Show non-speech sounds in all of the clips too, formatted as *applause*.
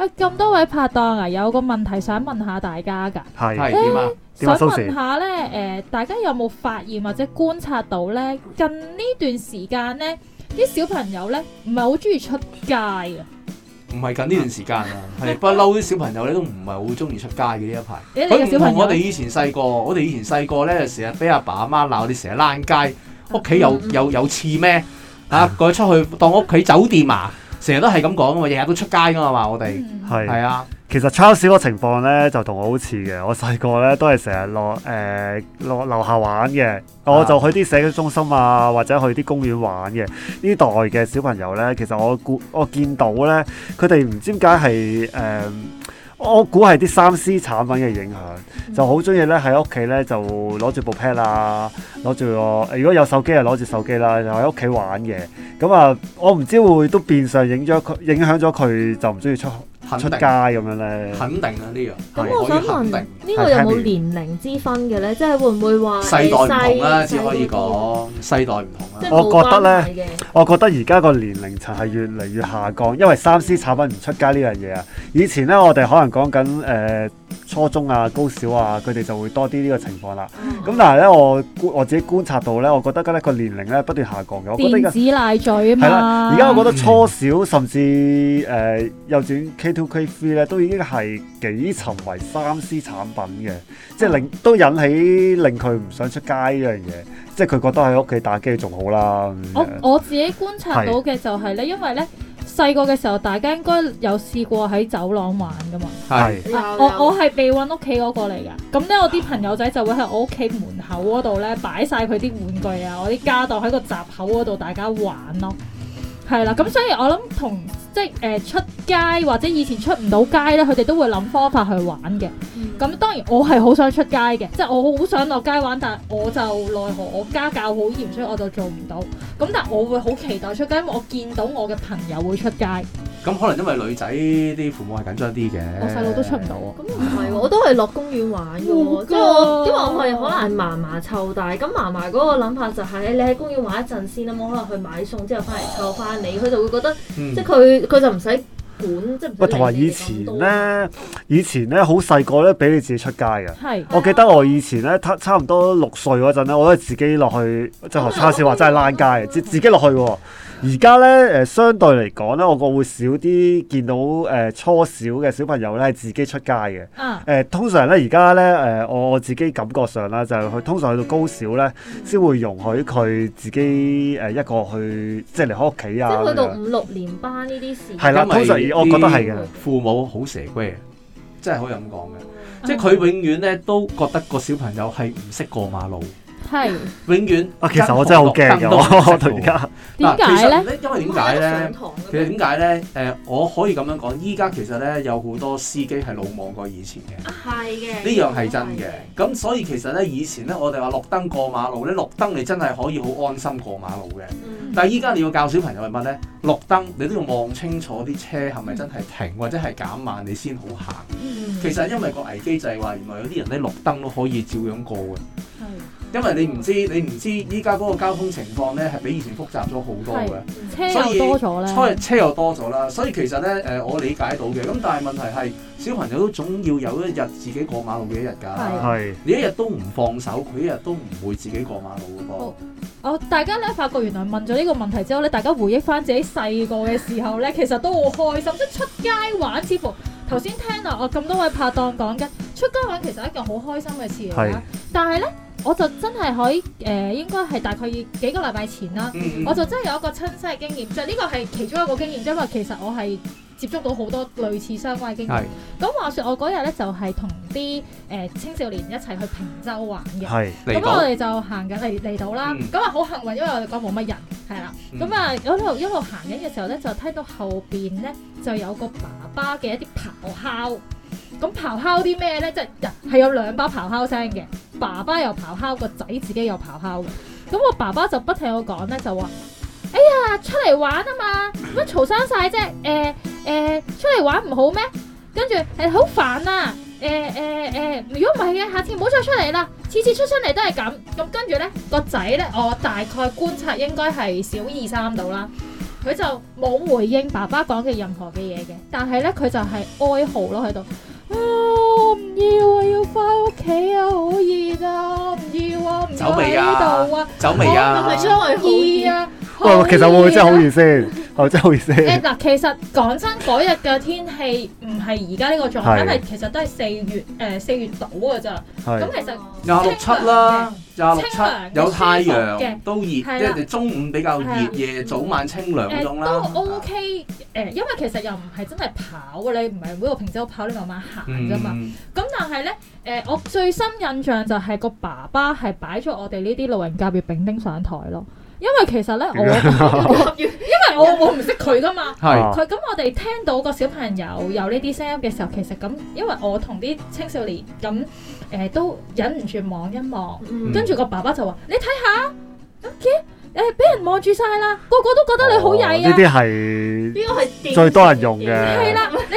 喂，咁多位拍檔啊，有個問題想問下大家㗎。係點是、欸、啊？想問下咧，誒、啊，大家有冇發現或者觀察到咧，近呢段時間咧，啲小朋友咧唔係好鍾意出街啊？唔係近呢段時間啊，係不嬲啲小朋友咧都唔係好鍾意出街嘅呢一排。你小朋我哋以前細個，我哋以前細個咧，成日俾阿爸阿媽鬧你，成日躝街，屋企有有有刺咩？嚇，佢、 *laughs* *laughs* 啊、出去當屋企酒店啊？成日都係咁講嘅嘛，日日都出街嘅嘛，我哋係係啊。其實超市個情況咧就同我好似嘅，我細個咧都係成日落誒、呃、落樓下玩嘅，我就去啲社區中心啊，或者去啲公園玩嘅。呢代嘅小朋友咧，其實我估我見到咧，佢哋唔知點解係誒。呃我估係啲三 C 產品嘅影響，嗯、就好中意咧喺屋企咧就攞住部 pad 啦，攞住個如果有手機啊攞住手機啦，就喺屋企玩嘅。咁啊，我唔知會唔會都變相影咗佢，影響咗佢就唔中意出去。出街咁樣咧，肯定啊呢樣。咁、嗯、我想問呢個有冇年齡之分嘅咧？即係會唔會話世，世代唔同啦世只可以講？世代唔同啦。我覺得咧，我覺得而家個年齡層係越嚟越下降，因為三 C 產品唔出街呢樣嘢啊。以前咧，我哋可能講緊誒。呃初中啊、高小啊，佢哋就會多啲呢個情況啦。咁、嗯、但係咧，我我自己觀察到咧，我覺得咧個年齡咧不斷下降嘅。電子奶嘴啊嘛。係啦、這個，而家我覺得初小甚至誒幼稚園 K two K three 咧，都已經係幾沉迷三 C 產品嘅，即係令都引起令佢唔想出街依樣嘢，即係佢覺得喺屋企打機仲好啦。嗯、我我自己觀察到嘅就係咧，的因為咧。細個嘅時候，大家應該有試過喺走廊玩噶嘛？係我我係被搵屋企嗰個嚟嘅。咁咧、哎，我啲、那個、朋友仔就會喺我屋企門口嗰度咧擺晒佢啲玩具啊，我啲家當喺個閘口嗰度，大家玩咯。係啦，咁所以我諗同。即係誒、呃、出街或者以前出唔到街咧，佢哋都會諗方法去玩嘅。咁、嗯、當然我係好想出街嘅，即係我好想落街玩，但係我就奈何我家教好嚴，所以我就做唔到。咁但係我會好期待出街，因為我見到我嘅朋友會出街。咁、嗯、可能因為女仔啲父母係緊張啲嘅，我細佬都出唔到啊。咁唔係喎，我都係落公園玩嘅喎，即係 *laughs* 因為我係可能麻麻湊大，咁麻麻嗰個諗法就係、是、你喺公園玩一陣先啦，冇可能去買餸之後翻嚟湊翻你，佢就會覺得、嗯、即係佢。佢就唔使管，即係唔同埋以前咧，以前咧好細個咧，俾 *laughs* 你自己出街嘅。是我記得我以前咧，差差唔多六歲嗰陣咧，我都係自己落去，即係學叉燒話，真係躝街，自、哎、呀自己落去嘅。哎而家咧，誒、呃、相對嚟講咧，我個會少啲見到誒、呃、初小嘅小朋友咧，自己出街嘅。嗯、啊呃。通常咧，而家咧，誒、呃、我自己感覺上啦，就係、是、去通常去到高小咧，先會容許佢自己誒、呃、一個去即係離開屋企啊。即去到五六年班呢啲時。係啦的，為通常我覺得係嘅。父母好蛇龜嘅，真係可以咁講嘅。即係佢永遠咧、嗯、都覺得個小朋友係唔識過馬路。係永遠啊！其實我真係好驚嘅，我我同而家點解咧？ *laughs* 為因為點解咧？其實點解咧？誒、呃，我可以咁樣講，依家其實咧，有好多司機係魯莽過以前嘅，係嘅、啊，呢樣係真嘅。咁、啊、所以其實咧，以前咧，我哋話綠燈過馬路咧，綠燈你真係可以好安心過馬路嘅。嗯、但係依家你要教小朋友係乜咧？綠燈你都要望清楚啲車係咪真係停、嗯、或者係減慢你，你先好行。其實因為個危機就係話，原來有啲人咧綠燈都可以照樣過嘅。因為你唔知，你唔知依家嗰個交通情況咧，係比以前複雜咗好多嘅，車又多咗咧，所以車又多咗啦。所以其實咧，誒，我理解到嘅。咁但係問題係，小朋友都總要有一日自己過馬路嘅一日㗎。係的的你一日都唔放手，佢一日都唔會自己過馬路嘅。好，啊、哦，大家咧發覺原來問咗呢個問題之後咧，大家回憶翻自己細個嘅時候咧，其實都好開心，即係出街玩。似乎頭先聽到，我咁多位拍檔講緊出街玩其實係一件好開心嘅事嚟的但係咧。我就真係可以誒、呃，應該係大概幾個禮拜前啦。嗯、我就真係有一個親身嘅經驗，就係呢個係其中一個經驗，因為其實我係接觸到好多類似相關嘅經驗。咁是話說我，我嗰日咧就係同啲誒青少年一齊去平洲玩嘅，咁我哋就行緊嚟嚟到啦。咁啊好幸運，因為我哋嗰度冇乜人，係啦。咁、嗯、啊一路一路行緊嘅時候咧，就聽到後邊咧就有個爸爸嘅一啲咆哮。咁咆哮啲咩咧？即係係有兩把咆哮聲嘅。爸爸又咆哮，個仔自己又咆哮嘅，咁我爸爸就不停我講呢，就話：哎呀，出嚟玩啊嘛，點嘈生晒啫？誒、欸、誒、欸，出嚟玩唔好咩？跟住係好煩啊！誒誒誒，如果唔係嘅，下次唔好再出嚟啦！次次出出嚟都係咁，咁跟住呢個仔呢，我大概觀察應該係小二三度啦，佢就冇回應爸爸講嘅任何嘅嘢嘅，但係呢，佢就係哀嚎咯喺度。啊！唔要啊！要翻屋企啊！好熱啊！唔要啊！唔喺呢度啊！走未啊！走未啊！我唔係真係好熱啊！唔係，其實我會真係好熱先，我真係好熱先。誒，嗱，其實講真嗰日嘅天氣唔係而家呢個狀，因為其實都係四月誒，四月度噶咋。係。咁其實廿六七啦。廿六有太陽都熱，即係你的中午比較熱，夜的早晚清涼、嗯呃、都 OK 誒、嗯，因為其實又唔係真係跑嘅你唔係每個平洲跑，你慢慢行啫嘛。咁、嗯、但係咧誒，我最深印象就係個爸爸係擺咗我哋呢啲路人甲乙丙丁上台咯。因為其實咧，我 *laughs* 因為我我唔識佢㗎嘛，佢咁、啊、我哋聽到個小朋友有呢啲聲音嘅時候，其實咁因為我同啲青少年咁誒、呃、都忍唔住望一望，跟住、嗯、個爸爸就話：你睇下，OK，誒、呃、俾人望住晒啦，個個都覺得你好曳啊！呢啲係邊個係最多人用嘅？係啦，你。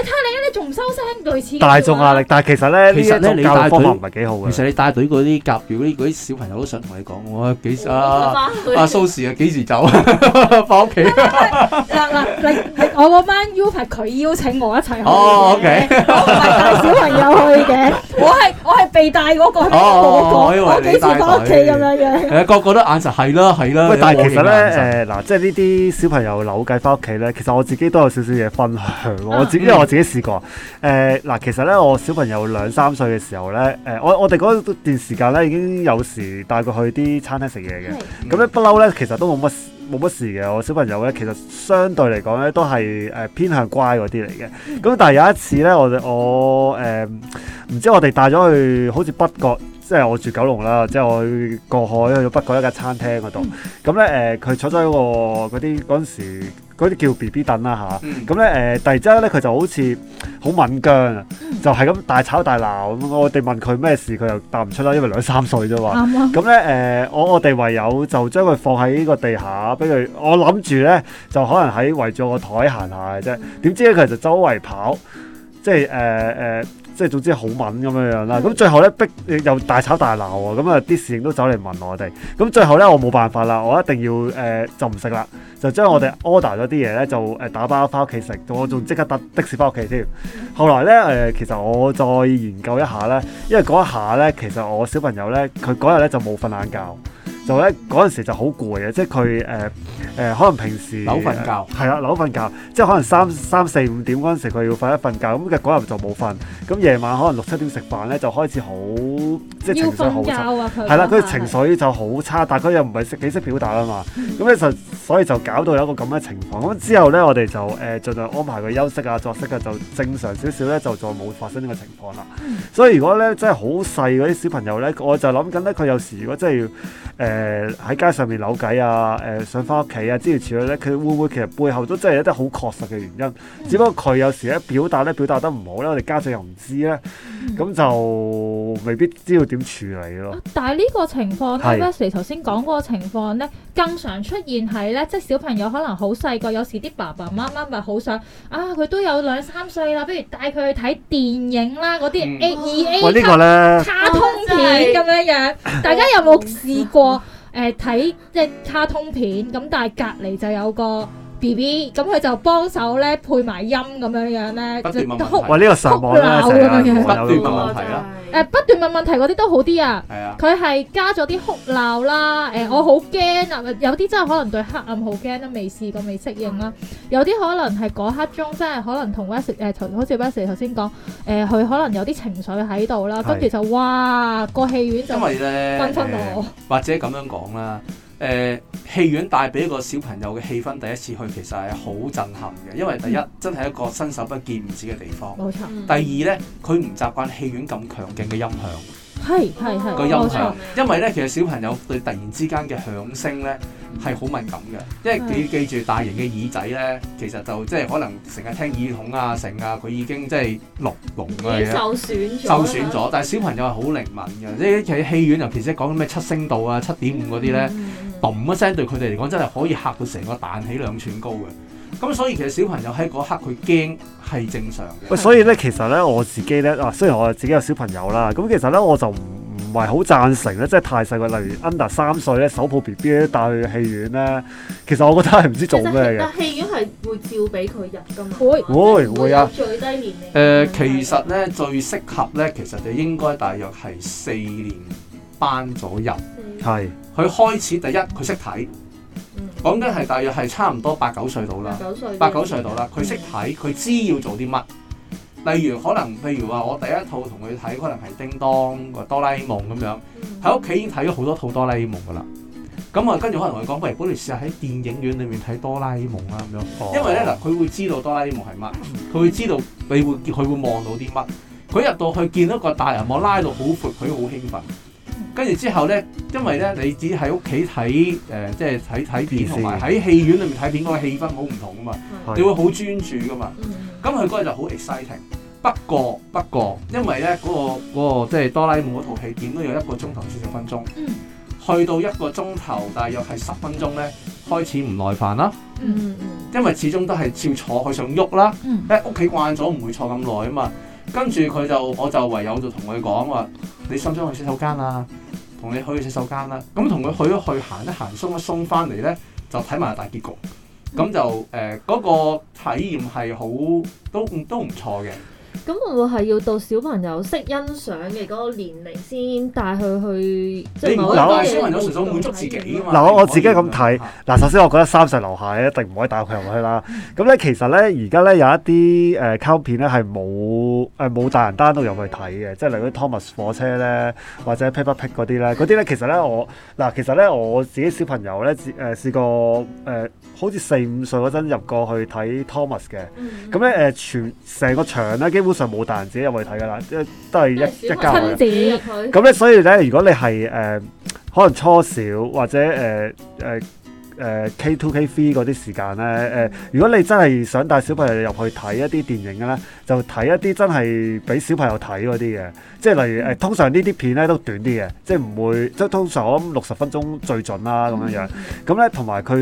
仲收聲對黐，大眾壓力，但係其實咧，呢一種教育方法唔係幾好嘅。其實你帶隊嗰啲鴿住嗰啲啲小朋友都想同你講，我幾時啊啊蘇士啊幾時走翻屋企？嗱嗱，係我嗰班 U 牌佢邀請我一齊，哦 OK，唔係帶小朋友去嘅，我係我係被帶嗰個，我我幾時翻屋企咁樣樣？誒個個都眼實，係啦係啦，但係其實咧誒嗱，即係呢啲小朋友扭計翻屋企咧，其實我自己都有少少嘢分享，我只因為我自己試過。誒，嗱、呃，其實咧，我小朋友兩三歲嘅時候咧，誒、呃，我我哋嗰段時間咧，已經有時帶佢去啲餐廳食嘢嘅，咁咧不嬲咧，其實都冇乜冇乜事嘅。我小朋友咧，其實相對嚟講咧，都係誒、呃、偏向乖嗰啲嚟嘅。咁但係有一次咧，我我誒，唔、呃、知我哋帶咗去好似北角，即、就、係、是、我住九龍啦，即係我去過海去咗北角一間餐廳嗰度，咁咧誒，佢、呃、坐咗喺個嗰啲嗰陣時。嗰啲叫 B B 凳啦吓，咁咧誒，突然之間咧佢就好似好敏感，嗯、就係咁大吵大鬧咁。我哋問佢咩事，佢又答唔出啦，因為兩三歲啫嘛。咁咧誒，我我哋唯有就將佢放喺個地下，畀佢。我諗住咧就可能喺圍住個台行下嘅啫。點、嗯、知咧佢就周圍跑，即係誒誒。呃呃即係總之好敏咁樣樣啦，咁最後咧逼、呃、又大吵大鬧喎，咁啊啲侍應都走嚟問我哋，咁、嗯、最後咧我冇辦法啦，我一定要誒、呃、就唔食啦，就將我哋 order 咗啲嘢咧就誒打包翻屋企食，我仲即刻搭的士翻屋企添。後來咧誒、呃、其實我再研究一下咧，因為嗰一下咧其實我小朋友咧佢嗰日咧就冇瞓晏覺。就咧嗰陣時就好攰啊！即係佢誒誒，可能平時扭瞓覺係啊，扭瞓覺，即係可能三三四五點嗰陣時佢要瞓一瞓覺。咁其實嗰日就冇瞓，咁夜晚可能六七點食飯咧，就開始好即係情緒好差。係啦、啊，佢情緒就好差，但係佢又唔係識幾識表達啊嘛。咁咧就所以就搞到有一個咁嘅情況。咁之後咧，我哋就誒、呃、盡量安排佢休息啊、作息啊，就正常少少咧，就再冇發生呢個情況啦。嗯、所以如果咧即係好細嗰啲小朋友咧，我就諗緊咧佢有時如果真係要誒。呃誒喺、呃、街上面扭計啊！誒想翻屋企啊！之如此類咧，佢會唔會其實背後都真係一啲好確實嘅原因？只不過佢有時咧表達咧，表達得唔好咧，我哋家長又唔知咧，咁就。未必知道點處理咯、啊。但係呢個情況咧 Vassey 頭先講過情況呢，更常出現係呢，即係小朋友可能好細個，有時啲爸爸媽媽咪好想啊，佢都有兩三歲啦，不如帶佢去睇電影啦，嗰啲 A 二、e、A 級卡通片咁樣、哦就係、樣。哦、大家有冇試過誒睇即係卡通片？咁但係隔離就有個。B B，咁佢就幫手咧配埋音咁樣樣咧，就哭，哇！呢個哭鬧咧，不斷問問題啦，誒不斷問問題嗰啲都好啲啊，係啊，佢係加咗啲哭鬧啦，誒我好驚啊！有啲真係可能對黑暗好驚都未試過未適應啦，有啲可能係嗰刻中真係可能同 Buster 誒，好似 Buster 頭先講，誒佢可能有啲情緒喺度啦。跟住就哇，個戲院就係咧，或者咁樣講啦，誒。戲院帶俾一個小朋友嘅氣氛，第一次去其實係好震撼嘅，因為第一、嗯、真係一個伸手不見五指嘅地方，冇錯。第二咧，佢唔習慣戲院咁強勁嘅音響，係係係個音響，哦、因為咧其實小朋友對突然之間嘅響聲咧係好敏感嘅，嗯、因為你記住大型嘅耳仔咧，是其實就即係可能成日聽耳筒啊、成啊，佢已經即係聾聾嘅嘢，受損咗，受損咗。但係小朋友係好靈敏嘅，即係其實戲院尤其是講咩七聲道啊、七點五嗰啲咧。嘣一聲對佢哋嚟講真係可以嚇到成個彈起兩寸高嘅，咁所以其實小朋友喺嗰刻佢驚係正常嘅。喂的，所以咧其實咧我自己咧啊，雖然我自己有小朋友啦，咁其實咧我就唔唔係好贊成咧，即係太細個，例如 under 三歲咧，手抱 B B 咧帶去戲院咧，其實我覺得係唔知做咩嘅。但戲院係會照俾佢入噶嘛？會會會，會啊！呃嗯、最低年齡誒，其實咧最適合咧，其實就應該大約係四年班左右，係的。的佢開始第一佢識睇，講緊係大約係差唔多八九歲到啦，八九歲到啦。佢識睇，佢知要做啲乜。例如可能譬如話，我第一套同佢睇，可能係叮當個哆啦 A 夢咁樣，喺屋企已經睇咗好多套哆啦 A 夢噶啦。咁我跟住可能同佢講，不如我哋試下喺電影院裏面睇哆啦 A 夢啦咁樣。因為咧嗱，佢會知道哆啦 A 夢係乜，佢會知道你會佢會望到啲乜。佢入到去見到個大銀幕拉到好闊，佢好興奮。跟住之後呢，因為呢，你只喺屋企睇誒，即係睇睇片，同埋喺戲院裏面睇片嗰個氣氛好唔同㗎嘛，嗯、你會好專注㗎嘛。咁佢嗰日就好 exciting，不過不過，因為呢嗰、嗰個、嗰個、即係哆啦 A 夢嗰套戲點都有一個鐘頭四十分鐘，嗯、去到一個鐘頭，大約係十分鐘呢，開始唔耐煩啦。嗯、因為始終都係照坐，去上喐啦。喺屋企慣咗，唔會坐咁耐啊嘛。跟住佢就，我就唯有就同佢講話，你想唔想去洗手間啊？同你去洗手間啦、啊。咁同佢去一去，行一行，鬆一鬆，翻嚟咧就睇埋大結局。咁就誒，嗰、呃嗰個體驗係好都都唔錯嘅。咁會唔會係要到小朋友識欣賞嘅嗰個年齡先帶佢去即係某啲嘅？小朋友純，純，純滿足自己嗱，我我自己咁睇，嗱、嗯、首先我覺得三歲以下一定唔可以帶佢入去啦。咁咧 *laughs* 其實咧而家咧有一啲誒、呃、卡通片咧係冇誒冇大人單獨入去睇嘅，即係例如 Thomas 火車咧或者 Peppa Pig 嗰啲咧，嗰啲咧其實咧我嗱其實咧我自己小朋友咧試誒試過、呃、好似四五歲嗰陣入過去睇 Thomas 嘅，咁咧誒全成個場咧。基本上冇大人自己入去睇噶啦，都一都係一一家嚟。咁咧， *music* 所以咧，如果你係誒、呃，可能初小或者誒誒誒 K two K three 嗰啲時間咧，誒、呃，如果你真係想帶小朋友入去睇一啲電影嘅咧，就睇一啲真係俾小朋友睇嗰啲嘅，即係例如誒，嗯、通常呢啲片咧都短啲嘅，即係唔會即係通常我諗六十分鐘最盡啦，咁樣樣。咁咧、嗯，同埋佢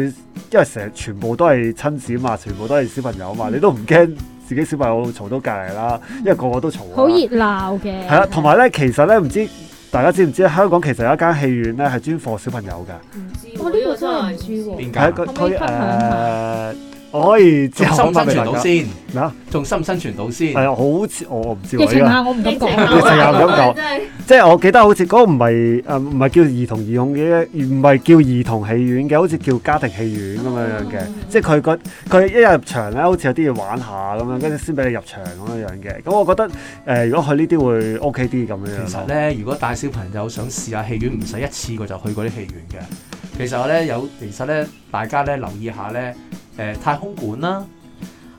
因為成日全部都係親子嘛，全部都係小朋友嘛，嗯、你都唔驚自己小朋友嘈到隔離啦，因為個個都嘈。好熱鬧嘅。係啦，同埋咧，其實咧，唔知大家知唔知香港其實有一間戲院咧係專放小朋友㗎。唔知呢個真係唔知喎。點解？佢佢誒。可可以，心生、哎、存，存到先嚇、啊，仲心生存到先。係啊，好似我唔知喎。疫情下我唔敢講。敢哎、即係我記得好似嗰個唔係誒，唔係叫兒童兒童嘅，唔係叫兒童戲院嘅，好似叫家庭戲院咁樣嘅。哦、即係佢佢一入場咧，好似有啲嘢玩下咁樣，跟住先俾你入場咁樣樣嘅。咁我覺得誒、呃，如果去呢啲會 OK 啲咁樣。其實咧，如果帶小朋友想試下戲院，唔使一次過就去嗰啲戲院嘅。其實咧有，其實咧大家咧留意下咧。呢誒、呃、太空館、嗯嗯嗯啊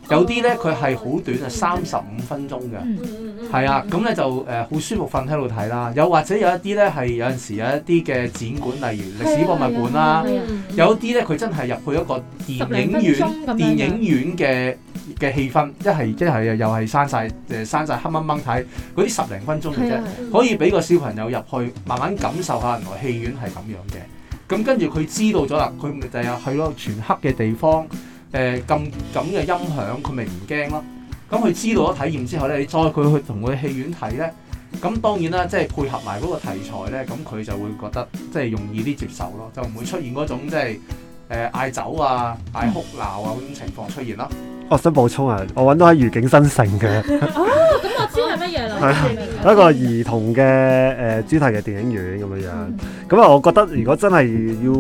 呃、啦，有啲咧佢係好短啊，三十五分鐘嘅，係啊，咁咧就誒好舒服瞓喺度睇啦。又或者有一啲咧係有陣時有一啲嘅展館，例如歷史博物館啦，嗯嗯嗯嗯嗯、有啲咧佢真係入去一個電影院，電影院嘅嘅氣氛，一係一係又係閂晒，誒閂晒，黑掹掹睇，嗰啲十零分鐘嘅啫，嗯嗯、可以俾個小朋友入去慢慢感受下原來戲院係咁樣嘅。咁跟住佢知道咗啦，佢咪就係去係咯，全黑嘅地方，誒咁咁嘅音響，佢咪唔驚咯。咁佢知道咗體驗之後咧，你再佢去同佢戲院睇咧，咁當然啦，即係配合埋嗰個題材咧，咁佢就會覺得即係容易啲接受咯，就唔會出現嗰種誒。即係誒嗌酒啊，嗌哭鬧啊，咁樣情況出現啦。我想補充啊，我揾到喺愉景新城嘅。哦，咁我知係乜嘢啦。係啊，一個兒童嘅誒主題嘅電影院咁樣樣。咁啊，我覺得如果真係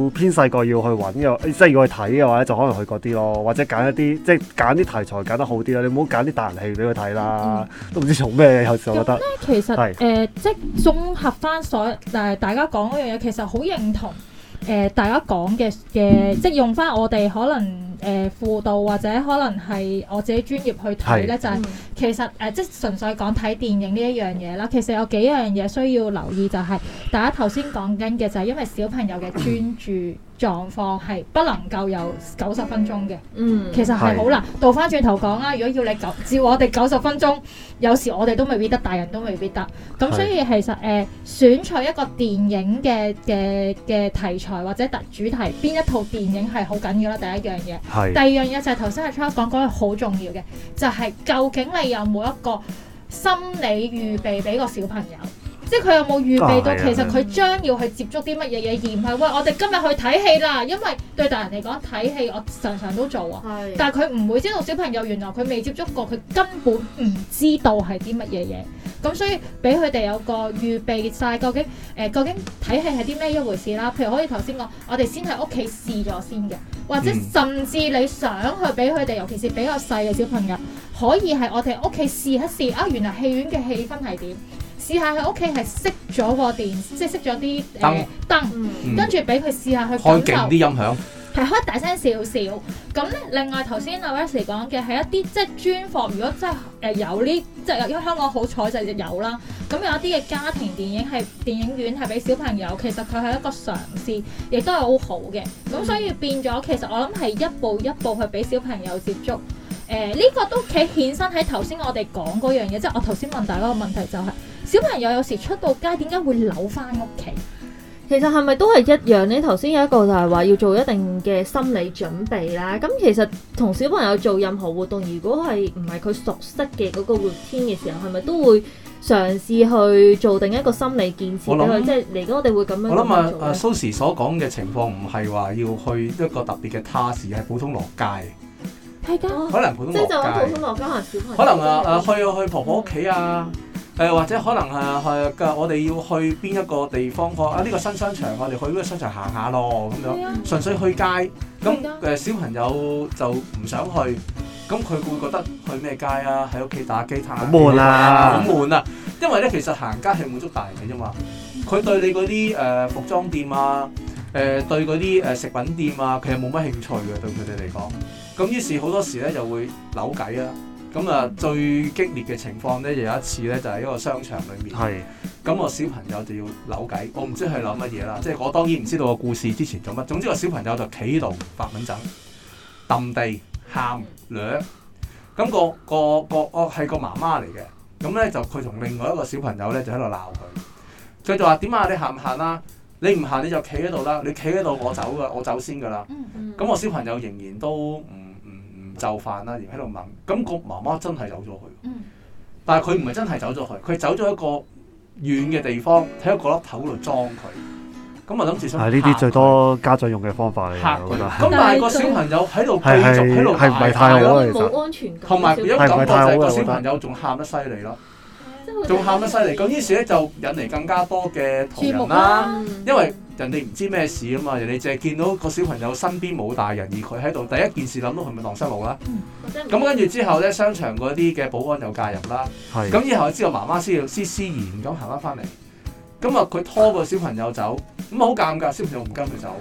要偏細個要去揾嘅，即係要去睇嘅話，就可能去嗰啲咯，或者揀一啲即係揀啲題材揀得好啲啦。你唔好揀啲大人戲俾佢睇啦，都唔知做咩。有時候覺得。咁咧，其實誒，即係綜合翻所有大家講嗰樣嘢，其實好認同。誒、呃，大家講嘅嘅，即係用翻我哋可能。誒、呃，輔導或者可能係我自己專業去睇呢，就係其實誒、呃，即係純粹講睇電影呢一樣嘢啦。其實有幾樣嘢需要留意，就係，就係大家頭先講緊嘅就係因為小朋友嘅專注狀況係不能夠有九十分鐘嘅。嗯、其實係好難。倒翻轉頭講啦。如果要你九照我哋九十分鐘，有時我哋都未必得，大人都未必得。咁所以其實誒、呃，選取一個電影嘅嘅嘅題材或者特主題，邊一套電影係好緊要啦。第一樣嘢。是第二樣嘢就係頭先阿 Charles 講講好重要嘅，就係、是、究竟你有冇一個心理預備俾個小朋友，哦、即係佢有冇預備到其實佢將要去接觸啲乜嘢嘢？而唔係喂，我哋今日去睇戲啦，因為對大人嚟講睇戲我常常都做啊。是但係佢唔會知道小朋友原來佢未接觸過，佢根本唔知道係啲乜嘢嘢。咁所以俾佢哋有個預備晒，究竟誒、呃、究竟睇戲係啲咩一回事啦？譬如可以頭先講，我哋先喺屋企試咗先嘅，或者甚至你想去俾佢哋，尤其是比較細嘅小朋友，可以係我哋屋企試一試啊，原來戲院嘅氣氛係點？試下喺屋企係熄咗個電，即係熄咗啲燈燈，跟住俾佢試下去感受啲音響。係可以大聲少少，咁咧另外頭先阿 Grace 講嘅係一啲即係專貨，如果真係誒有呢，即係因為香港好彩就係、有啦。咁有一啲嘅家庭電影係電影院係俾小朋友，其實佢係一個嘗試，亦都係好好嘅。咁所以變咗，其實我諗係一步一步去俾小朋友接觸。誒、呃、呢、這個都企顯身喺頭先我哋講嗰樣嘢，即係我頭先問大家個問題就係、係：小朋友有時出到街，點解會扭翻屋企？其實係咪都係一樣呢？頭先有一個就係話要做一定嘅心理準備啦。咁其實同小朋友做任何活動，如果係唔係佢熟悉嘅嗰個活動嘅時候，係咪都會嘗試去做定一個心理建設俾佢？即係嚟緊我哋會咁樣去做。我諗啊，蘇時所講嘅情況唔係話要去一個特別嘅 task，係普通落街。係㗎，可能普通落街。可能落街行小朋友。可能啊啊去啊去婆婆屋企啊。誒或者可能誒係嘅，我哋要去邊一個地方？我啊呢個新商場，我哋去呢個商場行下咯，咁樣，純粹去街。咁誒小朋友就唔想去，咁佢會覺得去咩街啊？喺屋企打機太好悶啦，好悶啊！因為咧，其實行街係滿足大人嘅啫嘛。佢對你嗰啲誒服裝店啊，誒對嗰啲誒食品店啊，其實冇乜興趣嘅對佢哋嚟講。咁於是好多時咧就會扭計啦。咁啊，最激烈嘅情況咧，有一次咧，就喺、是、一個商場裏面。係是。咁個小朋友就要扭計，我唔知佢諗乜嘢啦。即係我當然唔知道個故事之前做乜。總之個小朋友就企喺度發緊癥，揼地喊掠。咁、那個個個哦，係個媽媽嚟嘅。咁咧就佢同另外一個小朋友咧就喺度鬧佢。佢就話：點啊？你行唔行啦？你唔行你就企喺度啦。你企喺度我走㗎，我走，我走先㗎啦。嗯嗯。咁我小朋友仍然都就犯啦，而喺度問，咁、那個媽媽真係走咗去了。但係佢唔係真係走咗去了，佢走咗一個遠嘅地方，喺一個角落頭度裝佢。咁我諗住出。係呢啲最多家長用嘅方法嚟嘅，咁她但係是是個小朋友喺度繼續喺度埋。係太好？安全實。同埋如果感覺就係、是、個小朋友仲喊得犀利咯，仲喊得犀利。咁於是咧就引嚟更加多嘅途人啦，因為。人哋唔知咩事啊嘛，人哋淨係見到個小朋友身邊冇大人，而佢喺度第一件事諗到佢咪蕩失路啦。咁、嗯、跟住之後咧，商場嗰啲嘅保安又介入啦。咁、嗯、以後知道媽媽先要先施施然咁行翻翻嚟。咁啊，佢、嗯、拖個小朋友走，咁、嗯、好尷尬，小朋友唔跟佢走。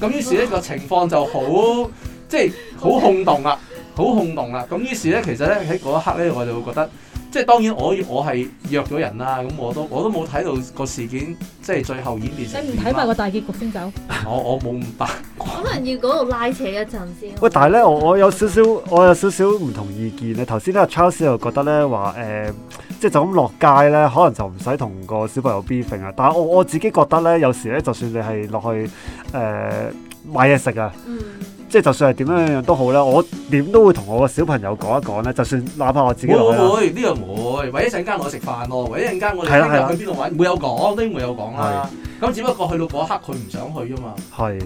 咁於是呢、個情況就好，即係好轟動啊，好轟動啊。咁於是咧，其實咧喺嗰一刻咧，我就會覺得。即係當然我，我我係約咗人啦、啊，咁、嗯、我都我都冇睇到個事件，即係最後演變。你唔睇埋個大結局先走？ *laughs* 我我冇咁白。可能要嗰度拉扯一陣先。喂，但係咧，我我有少少，我有少少唔同意見咧。頭先咧，Charles 又覺得咧話誒，即係就咁落街咧，可能就唔使同個小朋友 beefing 啊。但係我我自己覺得咧，有時咧，就算你係落去誒、呃、買嘢食啊。嗯即係就算係點樣樣都好啦，我點都會同我個小朋友講一講咧。就算哪怕我自己，唔會唔會呢個唔會。喂一陣間我食飯喎，喂一陣間我哋今日去邊度玩，的會有講，呢啲會有講啦。咁的只不過去到嗰一刻佢唔想去啫嘛。係，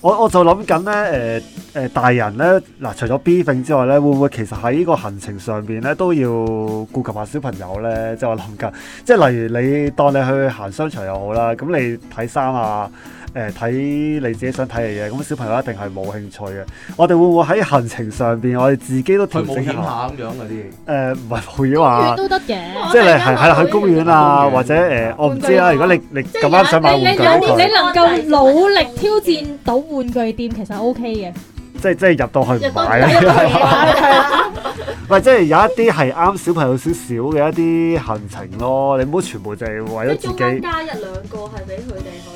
我我就諗緊咧，誒、呃、誒、呃、大人咧，嗱、呃、除咗 beefing 之外咧，會唔會其實喺呢個行程上邊咧都要顧及下小朋友咧、就是？即係我諗緊，即係例如你當你去行商場又好啦，咁你睇衫啊。誒睇你自己想睇嘅嘢，咁小朋友一定係冇興趣嘅。我哋會唔會喺行程上邊，我哋自己都調整一下咁樣嗰啲？誒唔會話公園都得嘅，即係係係啦，去公園啊，或者誒，我唔知啦。如果你你咁啱想買玩具，你能夠努力挑戰到玩具店，其實 OK 嘅。即係即係入到去唔買啦，係啊！唔係即係有一啲係啱小朋友少少嘅一啲行程咯，你唔好全部就係為咗自己加一兩個係俾佢哋。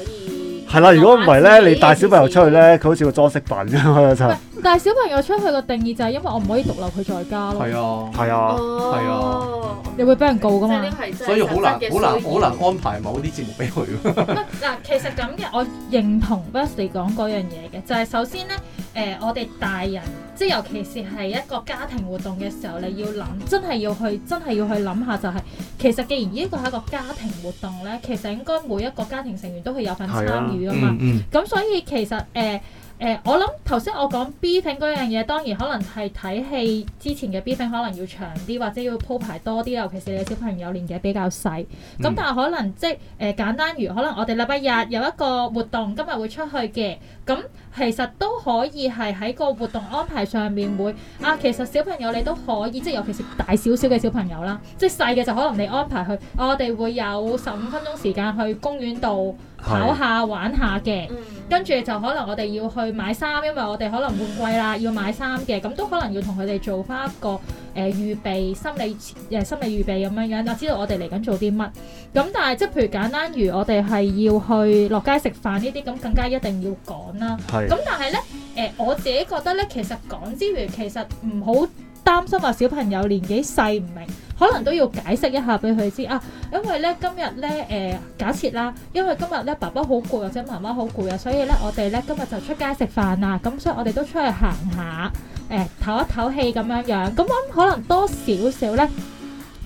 係啦，如果唔係咧，嗯、你帶小朋友出去咧，佢、嗯、好似個裝飾品咁啊！不就帶、是、小朋友出去個定義就係因為我唔可以獨留佢在家咯。係啊，係啊、哦，係啊，你會俾人告噶嘛？所以好難、好難、好難安排某啲節目俾佢。嗱 *laughs* 其實咁嘅，我認同 b e s 哋講嗰樣嘢嘅，就係、是、首先咧。誒、呃，我哋大人，即係尤其是係一個家庭活動嘅時候，你要諗，真係要去，真係要去諗下就係、是，其實既然呢個係一個家庭活動咧，其實應該每一個家庭成員都會有份參與噶嘛。咁、啊嗯嗯、所以其實誒誒、呃呃，我諗頭先我講 briefing 嗰樣嘢，當然可能係睇戲之前嘅 briefing 可能要長啲，或者要鋪排多啲，尤其是你嘅小朋友年紀比較細。咁、嗯、但係可能即係誒、呃、簡單如，如可能我哋禮拜日有一個活動，今日會出去嘅。咁其實都可以係喺個活動安排上面會啊，其實小朋友你都可以，即係尤其是大少少嘅小朋友啦，即係細嘅就可能你安排去，啊、我哋會有十五分鐘時間去公園度跑下玩下嘅，的跟住就可能我哋要去買衫，因為我哋可能換季啦，要買衫嘅，咁都可能要同佢哋做翻一個誒、呃、預備心理誒、呃、心理預備咁樣樣，知道我哋嚟緊做啲乜。咁但係即係譬如簡單如我哋係要去落街食飯呢啲，咁更加一定要講。啦，咁是、嗯、但係咧，誒、呃，我自己覺得咧，其實講之餘其實唔好擔心話小朋友年紀細唔明，可能都要解釋一下俾佢知啊。因為咧今日咧，誒、呃，假設啦，因為今日咧爸爸好攰或者媽媽好攰啊，所以咧我哋咧今日就出街食飯啦。咁、嗯、所以我哋都出去行下，誒、呃，唞一唞氣咁樣樣。咁我諗可能多少少咧，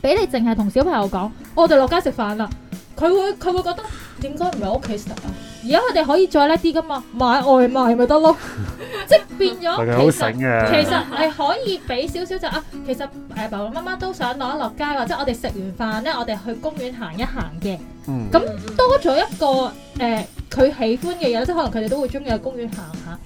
俾你淨係同小朋友講，我哋落街食飯啦，佢會佢會覺得，點解唔喺屋企食啊？而家佢哋可以再叻啲㗎嘛？買外賣咪得咯，即係變咗其實其實係可以俾少少就啊，其實誒爸爸媽媽都想落一落街，或者我哋食完飯咧，我哋去公園行一行嘅。咁多咗一個誒佢喜歡嘅嘢，即係可能佢哋都會鍾意去公園行下。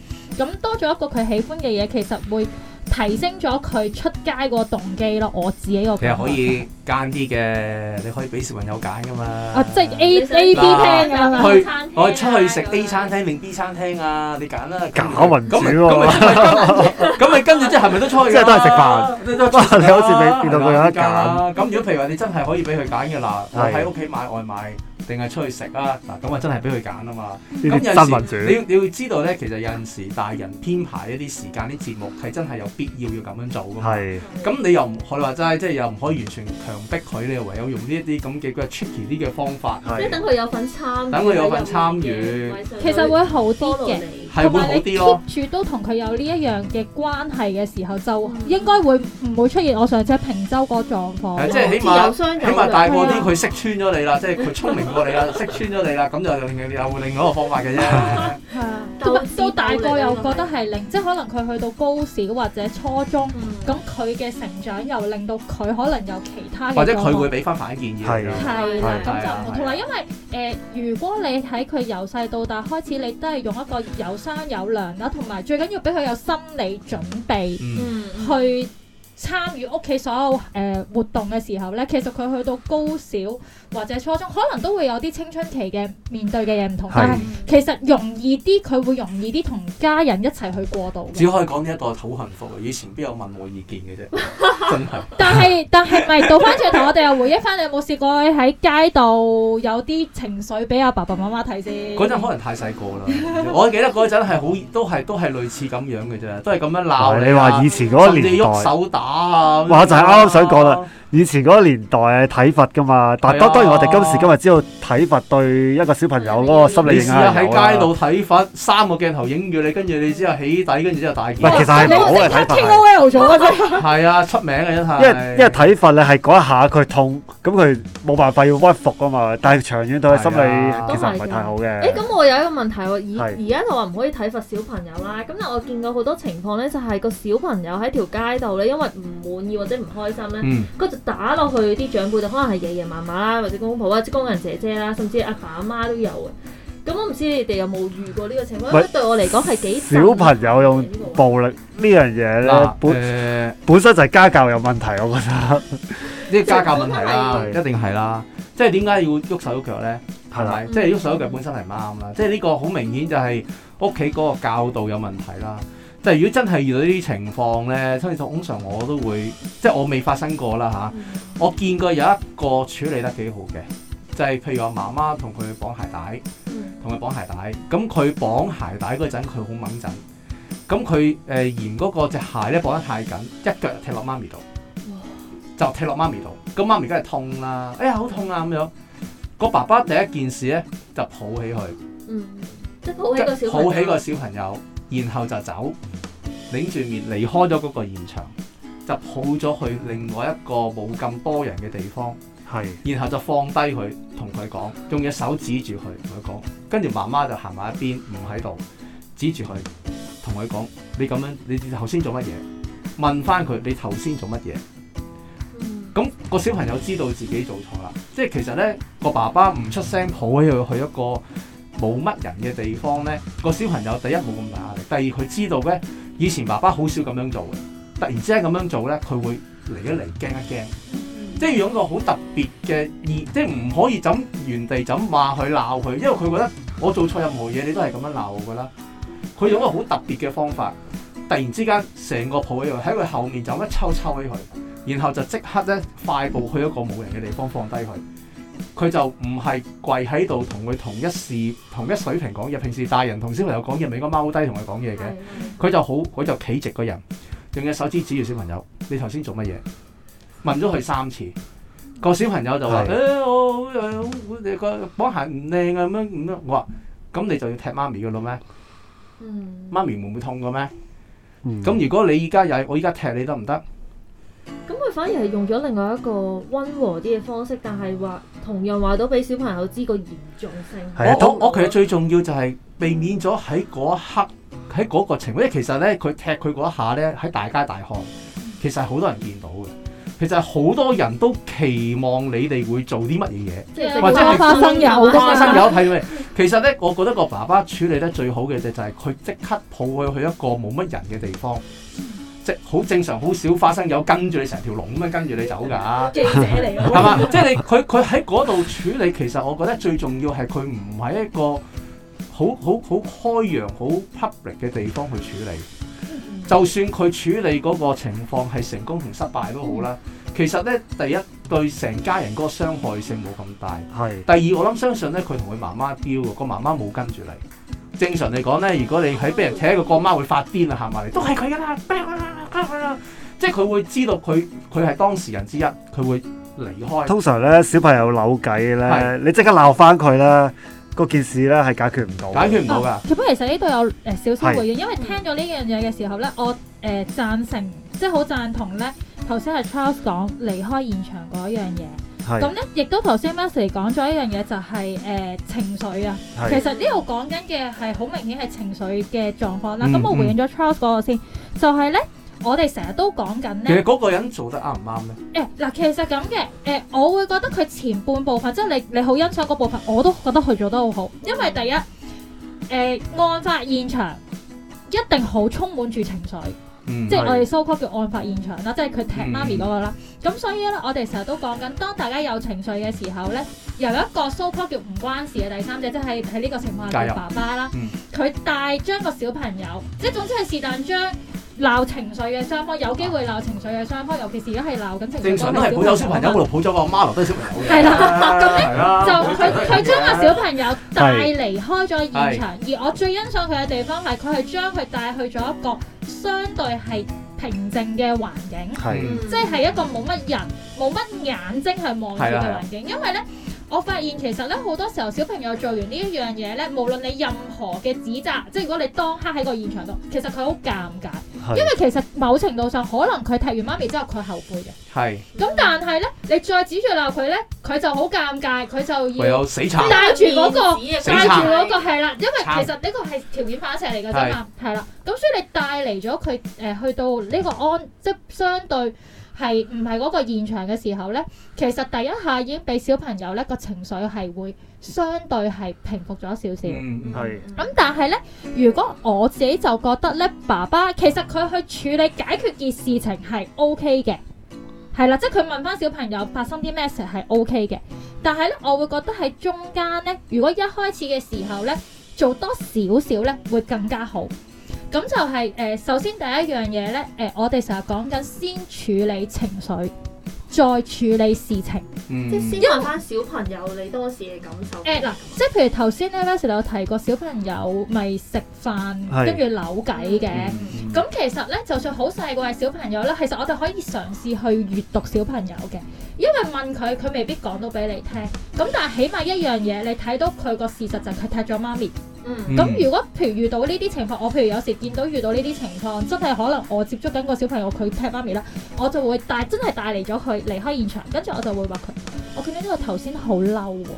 咁多咗一個佢喜歡嘅嘢，其實會提升咗佢出街個動機咯，我自己個覺得。其實可以間啲嘅，你可以俾小朋友揀噶嘛。啊，即係 A A B 廳㗎嘛，去我哋出去食 A 餐廳定 B 餐廳啊，你揀啦。假雲端喎。咁咪跟住即係咪都出去？即係都係食飯。哇，你好似俾變到佢有得揀。咁如果譬如話你真係可以俾佢揀嘅啦，我喺屋企買外賣，定係出去食啊！嗱，咁啊真係俾佢揀啊嘛。咁有時你你要，你要知道咧，其實有陣時大人編排一啲時間、啲節目係真係有必要要咁樣做㗎嘛。係。咁你又唔可以話齋，即係又唔可以完全強迫佢，你唯有用呢一啲咁嘅嘅 tricky 啲嘅方法。即係等佢有份參，等佢有份參與。其實會好啲嘅。同埋你 keep 住都同佢有呢一樣嘅關係嘅時候，就應該會唔會出現我上次喺平洲嗰個狀況？即係起碼起碼大個啲，佢識穿咗你啦，即係佢聰明過你啦，識穿咗你啦，咁就又另外一個方法嘅啫。都都大個又覺得係另，即係可能佢去到高小或者初中，咁佢嘅成長又令到佢可能有其他嘅或者佢會俾翻反建議。係啦，咁就同埋因為誒，如果你喺佢由細到大開始，你都係用一個有。生有量啦，同埋最緊要俾佢有心理準備，嗯，嗯，去。參與屋企所有誒、呃、活動嘅時候咧，其實佢去到高小或者初中，可能都會有啲青春期嘅面對嘅嘢唔同，是但係其實容易啲，佢會容易啲同家人一齊去過渡。只可以講呢一代好幸福啊！以前邊有問我意見嘅啫，真係。 *laughs* 但係但係咪倒翻轉頭我哋又回憶翻？你有冇試過喺街度有啲情緒俾阿爸爸媽媽睇先？嗰陣可能太細個啦， *laughs* 我記得嗰陣係好都係都係類似咁樣嘅啫，都係咁樣鬧你，你話以前，甚至喐手打。啊，我就係啱啱想講啦。啊。以前嗰個年代係體罰㗎嘛，但當當然我哋今時今日知道體罰對一個小朋友嗰個心理影響係。喺街度體罰三個鏡頭影住你，跟住你之後起底，跟住之後大叫。唔係，其實係好嘅體罰。係啊，出名嘅真係。因為因為體罰咧係嗰一下佢痛，咁佢冇辦法要屈服啊嘛，但係長遠對佢心理其實唔係太好嘅。誒，咁我有一個問題喎，而而家就話唔可以體罰小朋友啦。咁咧我見過好多情況咧，就係個小朋友喺條街度咧，因為唔滿意或者唔開心咧，佢就。打落去啲長輩就可能係爺爺嫲嫲啦，或者公公婆婆、即工人姐姐啦，甚至阿爸阿媽都有嘅。咁我唔知你哋有冇遇過呢個情況？是因為對我嚟講係幾小朋友用暴力呢樣嘢咧，呢呢個、本、呃、本，本身就係家教有問題，我覺得呢家教問題啦，對一定係啦。即係點解要喐手喐腳咧？係咪？嗯、即係喐手喐腳本身係啱咁啦。即係呢個好明顯就係屋企嗰個教導有問題啦。就係如果真係遇到呢啲情況咧，通常我都會，即係我未發生過啦嚇。啊嗯、我見過有一個處理得幾好嘅，就係、是、譬如我媽媽同佢綁鞋帶，同佢、嗯、綁鞋帶。咁佢綁鞋帶嗰陣佢好掹陣，咁佢誒嫌嗰個隻鞋咧綁得太緊，一腳踢落媽咪度，就踢落媽咪度。咁媽咪梗係痛啦，哎呀好痛啊咁樣。個爸爸第一件事咧就抱起佢、嗯，即係抱起個小抱起個小朋友。然後就走，擰住面離開咗嗰個現場，就抱咗去另外一個冇咁多人嘅地方。係是，然後就放低佢，同佢講，用隻手指住佢，同佢講，跟住媽媽就行埋一邊，唔喺度，指住佢，同佢講：你咁樣，你頭先做乜嘢？問翻佢，你頭先做乜嘢？咁個、嗯、小朋友知道自己做錯啦，即係其實呢個爸爸唔出聲抱起佢去一個。冇乜人嘅地方咧，個小朋友第一冇咁大壓力，第二佢知道咧，以前爸爸好少咁樣做嘅，突然之間咁樣做咧，佢會嚟一嚟驚一驚，即係要用一個好特別嘅意，即係唔可以就咁原地就咁話佢鬧佢，因為佢覺得我做錯任何嘢，你都係咁樣鬧我噶啦。佢用一個好特別嘅方法，突然之間成個抱喺度，喺佢後面就咁一抽抽起佢，然後就即刻咧快步去一個冇人嘅地方放低佢。佢就唔係跪喺度同佢同一事同一水平講嘢。平時大人同小朋友講嘢，咪應該踎低同佢講嘢嘅。佢的就好，佢就企直個人，用隻手指指住小朋友：，你頭先做乜嘢？問咗佢三次，個小朋友就話：，誒的、欸，我誒，我你個幫鞋唔靚啊，咁樣咁樣。嗯、我話：，咁你就要踢媽咪嘅咯咩？嗯、媽咪會唔會痛嘅咩？咁、嗯、如果你依家又係我依家踢你得唔得？咁佢、嗯、反而係用咗另外一個溫和啲嘅方式，但係話。同樣話到俾小朋友知個嚴重性。我我其實最重要就係避免咗喺嗰一刻喺嗰、嗯、個情況，因為其實咧佢踢佢嗰一下咧喺大街大巷，其實係好多人見到嘅。其實好多人都期望你哋會做啲乜嘢嘢，即係或者係花生油花、啊、生油睇咩、啊？其實咧，我覺得個爸爸處理得最好嘅就就係佢即刻抱佢去一個冇乜人嘅地方。嗯即好正常，好少發生有跟住你成條龍咁樣跟住你走㗎。記者嚟㗎，係嘛？即係你佢佢喺嗰度處理，其實我覺得最重要係佢唔係一個好好好開揚好 public 嘅地方去處理。嗯、就算佢處理嗰個情況係成功同失敗都好啦。嗯、其實咧，第一對成家人嗰個傷害性冇咁大。係是。第二，我諗相信咧，佢同佢媽媽屌個媽媽冇跟住嚟。正常嚟講咧，如果你喺俾人扯一個過貓，會發癲啊，行埋嚟都係佢噶啦，即係佢會知道佢佢係當事人之一，佢會離開。通常咧，小朋友扭計咧，是你即刻鬧翻佢啦，個件事咧係解決唔到，解決唔到㗎。其實呢度有誒少少嘅嘢，因為聽咗呢樣嘢嘅時候咧，我誒、呃、贊成，即係好贊同咧，頭先係 Charles 講離開現場嗰樣嘢。咁咧，亦都頭先 Macy 講咗一樣嘢，就係、是、誒、呃、情緒啊。的其實呢度講緊嘅係好明顯係情緒嘅狀況啦。咁、嗯嗯、我回應咗 Charles 嗰個先，就係、是、咧，我哋成日都講緊咧。其實嗰個人做得啱唔啱咧？誒嗱，其實咁嘅誒，我會覺得佢前半部分，即、就、係、是、你你好欣賞嗰部分，我都覺得佢做得好好。因為第一，誒、呃、案發現場一定好充滿住情緒。嗯、即係我哋 so called 叫案發現場啦，的即係佢踢媽咪嗰、那個啦。咁、嗯、所以咧，我哋成日都講緊，當大家有情緒嘅時候咧，有一個 so called 叫唔關事嘅第三者，即係喺呢個情況下係油爸爸啦，佢大、嗯、將個小朋友，即係總之係是但將，鬧情緒嘅雙方，有機會鬧情緒嘅雙方，尤其是而家係鬧緊情緒。正常都係抱走小朋友，我哋抱走個阿媽，留低小朋友。係啦，咁就佢，佢將個小朋友帶離開咗現場，而我最欣賞佢嘅地方係佢係將佢帶去咗一個相對係平靜嘅環境，即係一個冇乜人、冇乜眼睛去望住嘅環境，因為咧。我發現其實咧，好多時候小朋友做完呢一樣嘢咧，無論你任何嘅指責，即係如果你當刻喺個現場度，其實佢好尷尬，是因為其實某程度上可能佢踢完媽咪之後佢後背嘅。係是。咁但係咧，你再指住鬧佢咧，佢就好尷尬，佢就要帶住嗰、嗰個，的帶住嗰、嗰個係啦，因為其實呢個係條件反射嚟㗎啫嘛，係啦的。咁的所以你帶嚟咗佢誒去到呢個安，即係相對。係唔係嗰個現場嘅時候呢？其實第一下已經俾小朋友呢個情緒係會相對係平復咗少少。嗯，係。咁、嗯、但係呢，如果我自己就覺得呢爸爸其實佢去處理解決件事情係 OK 嘅。係啦，即係佢問翻小朋友發生啲咩事係 OK 嘅，但係呢，我會覺得喺中間呢，如果一開始嘅時候呢，做多少少呢會更加好。咁就係、是、誒、呃，首先第一樣嘢咧，誒、呃，我哋成日講緊先處理情緒，再處理事情，即係先因為翻小朋友你當時嘅感受。誒嗱、呃，即係譬如頭先咧 Vincent 有提過小朋友咪食飯跟住是扭計嘅，咁、嗯嗯嗯、其實咧，就算好細個嘅小朋友咧，其實我哋可以嘗試去閱讀小朋友嘅，因為問佢佢未必講到俾你聽，咁但係起碼一樣嘢，你睇到佢個事實就係佢踢咗媽咪。咁、mm hmm. 如果譬如遇到呢啲情況，我譬如有時見到遇到呢啲情況，真係可能我接觸緊個小朋友，佢踢媽咪啦，我就會帶真係帶嚟咗佢離開現場，跟住我就會話佢：我見到呢個頭先好嬲喎，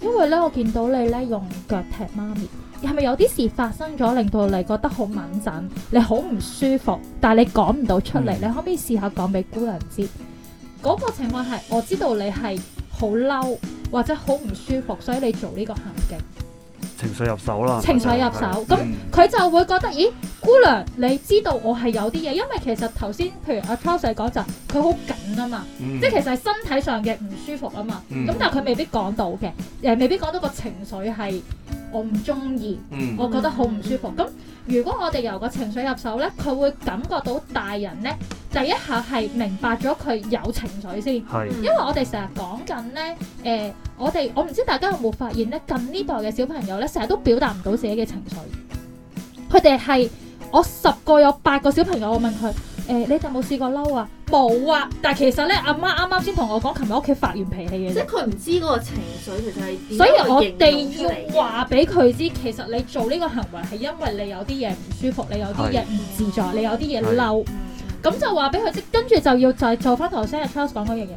因為呢，我見到你呢用腳踢媽咪，係咪有啲事發生咗令到你覺得好敏感，你好唔舒服，但係你講唔到出嚟，mm hmm. 你可唔可以試下講俾姑娘知？嗰、嗰個情況係我知道你係好嬲或者好唔舒服，所以你做呢個行徑。情緒入手啦，情緒入手，咁佢、嗯、就會覺得，嗯、咦，姑娘，你知道我係有啲嘢，因為其實頭先，譬如阿 Paul 仔講就，佢、啊、好、er、緊啊嘛，嗯、即係其實係身體上嘅唔舒服啊嘛，咁、嗯、但係佢未必講到嘅，誒，未必講到個情緒係我唔中意，嗯、我覺得好唔舒服咁。嗯嗯。如果我哋由個情緒入手呢，佢會感覺到大人呢，第一下係明白咗佢有情緒先，是因為我哋成日講緊呢，誒、呃，我哋我唔知大家有冇發現呢，近呢代嘅小朋友呢，成日都表達唔到自己嘅情緒，佢哋係我十個我有八個小朋友，我問佢。誒、欸，你就冇試過嬲啊？冇啊！但係其實咧，阿媽啱啱先同我講，琴日屋企發完脾氣嘅，即係佢唔知嗰個情緒其實係點。所以我哋要話俾佢知，其實你做呢個行為係因為你有啲嘢唔舒服，你有啲嘢唔自在，你有啲嘢嬲。咁是就話俾佢知，跟住就要就係做翻頭先阿 Charles 講嗰樣嘢。誒、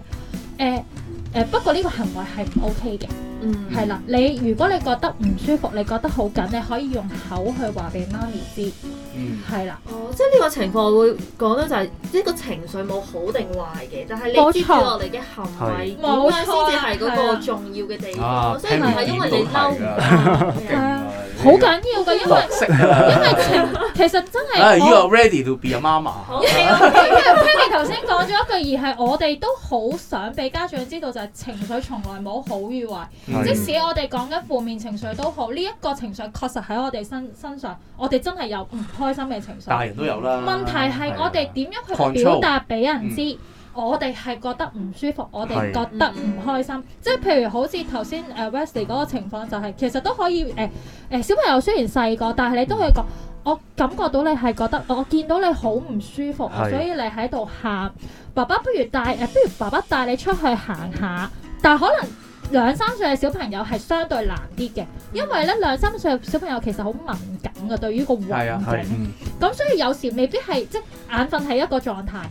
欸、誒、欸，不過呢個行為係唔 OK 嘅。嗯，係啦、mm hmm.，你如果你覺得唔舒服，你覺得好緊，你可以用口去話俾媽咪知。嗯、mm，係、hmm. 啦。哦，oh, 即係呢個情況會講咧，就係一個情緒冇好定壞嘅，但係你接住落嚟嘅行為點樣先至係嗰個重要嘅地方，啊啊、所以唔係因為、啊、你嬲。好緊 *music* 要嘅，因為色 *laughs* 因為其實，其實真係，依個 *laughs* 我 ready to be a mama。 *laughs* *laughs* 因為因為 Penny 頭先講咗一句，而係我哋都好想俾家長知道，就係、是、情緒從來冇好與壞，的即使我哋講緊負面情緒都好，呢、這、一個情緒確實喺我哋身身上，我哋真係有唔開心嘅情緒。大人都有啦。問題係我哋點樣去表達俾人知？嗯我哋係覺得唔舒服，我哋覺得唔開心。是即係譬如好似頭先誒、啊、Westie 嗰個情況、就是，就係其實都可以誒誒、呃呃、小朋友雖然細個，但係你都去講，嗯、我感覺到你係覺得我見到你好唔舒服，是所以你喺度喊。爸爸不如帶誒、呃，不如爸爸帶你出去行下。但係可能兩三歲嘅小朋友係相對難啲嘅，因為呢兩三歲嘅小朋友其實好敏感嘅對於個環境，咁、啊、所以有時未必係即係眼瞓係一個狀態。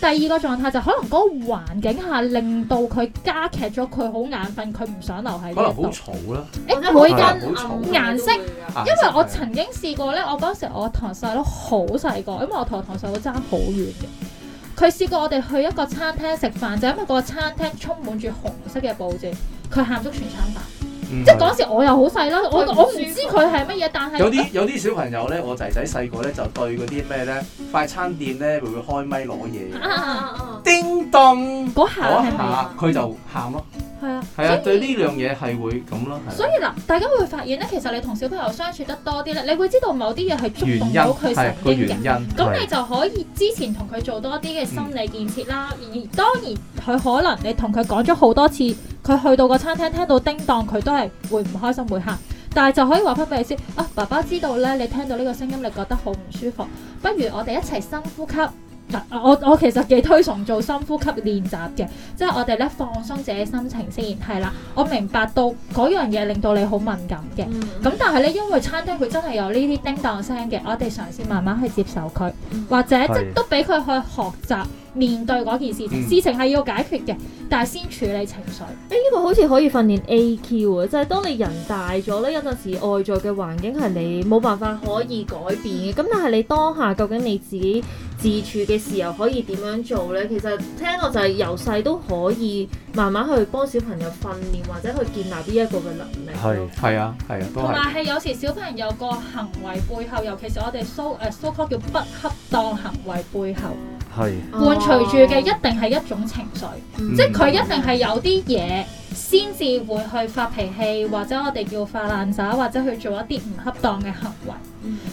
第二個狀態就可能嗰個環境下令到佢加劇咗佢好眼瞓，佢唔想留喺呢度。好嘈啦、欸，每間顏色，因為我曾經試過呢，嗯、我嗰時我堂細佬好細個，因為我同堂細佬爭好遠嘅，佢試過我哋去一個餐廳食飯，就、因為個餐廳充滿住紅色嘅佈置，佢喊足全餐飯。不即係是嗰時我又好細啦，我我唔知佢係乜嘢，但係有啲有啲小朋友咧，我仔仔細個咧就對嗰啲咩咧快餐店咧會會開咪攞嘢，叮噹嗰下佢就喊咯。係啊，即係對呢樣嘢係會咁咯。所以嗱、啊，大家會發現咧，其實你同小朋友相處得多啲咧，你會知道某啲嘢係觸動到佢神經嘅。原因係個原因。咁你就可以之前同佢做多啲嘅心理建設啦。嗯、而當然佢可能你同佢講咗好多次，佢去到個餐廳聽到叮當，佢都係會唔開心會喊。但係就可以話翻俾你知，啊爸爸知道咧，你聽到呢個聲音你覺得好唔舒服，不如我哋一齊深呼吸。我我其實幾推崇做深呼吸練習嘅，即係我哋咧放鬆自己心情先，係啦。我明白到嗰樣嘢令到你好敏感嘅，咁、嗯、但係咧，因為餐廳佢真係有呢啲叮噹聲嘅，我哋嘗試慢慢去接受佢，嗯、或者是即都俾佢去學習面對嗰件事情。嗯、事情係要解決嘅，但係先處理情緒。誒，呢個好似可以訓練 A Q 啊，就係當你人大咗咧，有陣時外在嘅環境係你冇辦法可以改變嘅，咁但係你當下究竟你自己自處嘅時候可以點樣做呢？其實聽落就係由細都可以慢慢去幫小朋友訓練，或者去建立呢一個嘅能力。係啊係啊。同埋係有時小朋友有個行為背後，尤其是我哋 so 誒、uh, so called 叫不恰當行為背後，係伴是、哦、隨住嘅一定係一種情緒，嗯、即係佢一定係有啲嘢先至會去發脾氣，嗯、或者我哋叫發爛渣，或者去做一啲唔恰當嘅行為。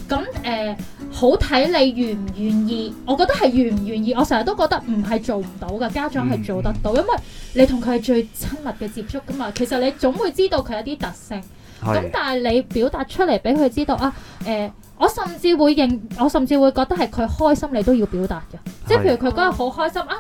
咁誒、嗯。好睇你願唔願意，我覺得係願唔願意。我成日都覺得唔係做唔到嘅，家長係做得到，因為你同佢係最親密嘅接觸㗎嘛。其實你總會知道佢有啲特性，咁是但係你表達出嚟俾佢知道啊。誒、呃，我甚至會認，我甚至會覺得係佢開心，你都要表達嘅。是即係譬如佢嗰日好開心啊。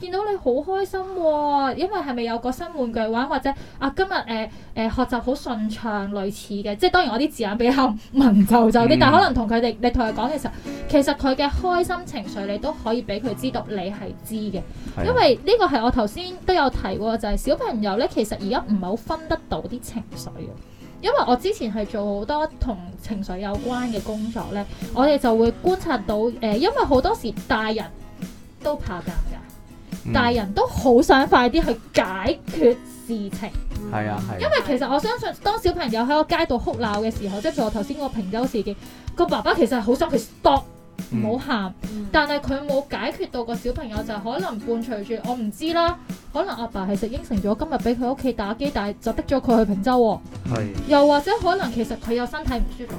見到你好開心，哦，因為係咪有個新玩具玩，或者啊，今日誒誒學習好順暢，類似嘅。即係當然我啲字眼比較文就就啲，嗯、但係可能同佢哋你同佢講嘅時候，其實佢嘅開心情緒你都可以俾佢知道，你係知嘅。的因為呢個係我頭先都有提過，就係、是、小朋友呢，其實而家唔係好分得到啲情緒。因為我之前係做好多同情緒有關嘅工作呢，我哋就會觀察到誒、呃，因為好多時大人都怕尷尬。大人都好想快啲去解決事情，係啊、嗯，係。因為其實我相信，當小朋友喺個街道哭鬧嘅時候，即係譬如我頭先個平洲事件，個爸爸其實係好想佢 stop，唔好喊，但係佢冇解決到個小朋友，就是、可能伴隨住我唔知啦，可能阿爸係食應承咗今日俾佢屋企打機，但係就逼咗佢去平洲，係是。又或者可能其實佢有身體唔舒服，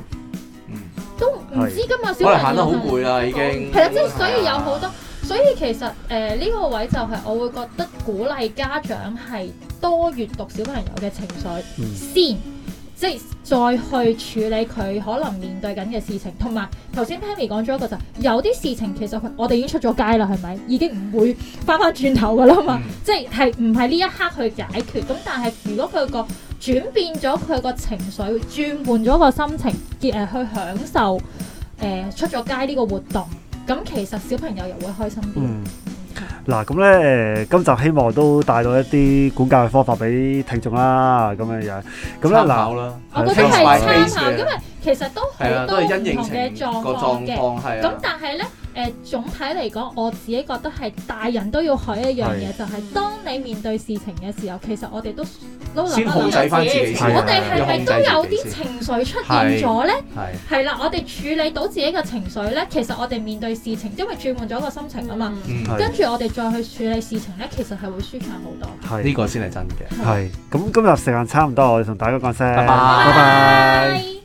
嗯、都唔知㗎嘛。是小朋友行得好攰啦，實已經係啦，即係對對所，所以有好多。所以其實誒呢、呃呢個位就係我會覺得鼓勵家長係多閱讀小朋友嘅情緒先，嗯、即係再去處理佢可能面對緊嘅事情。同埋頭先 Pammy 講咗一個就有啲事情其實佢我哋已經出咗街啦，係咪已經唔會返返轉頭㗎啦嘛？嗯、即係係唔係呢一刻去解決？咁但係如果佢個轉變咗佢個情緒，轉換咗個心情，結去享受誒、呃、出咗街呢個活動。咁其實小朋友又會開心啲。嗯，嗱咁咧誒，今集希望都帶到一啲管教嘅方法俾聽眾啦。咁樣樣，咁啦鬧啦，我覺得係參考，因為其實都好多唔同嘅狀個狀況，係啊。咁但係咧。誒，總體嚟講，我自己覺得係大人都要學一樣嘢，是就係當你面對事情嘅時候，其實我哋都陸陸陸陸陸陸陸先可以睇翻自己，我哋係咪都有啲情緒出現咗呢？係啦，我哋處理到自己嘅情緒呢，其實我哋面對事情，因為轉換咗個心情啊嘛，嗯嗯、跟住我哋再去處理事情呢，其實係會舒暢好多。呢是個先係真嘅。係咁是，今日時間差唔多，我哋同大家講聲拜拜。Bye bye bye bye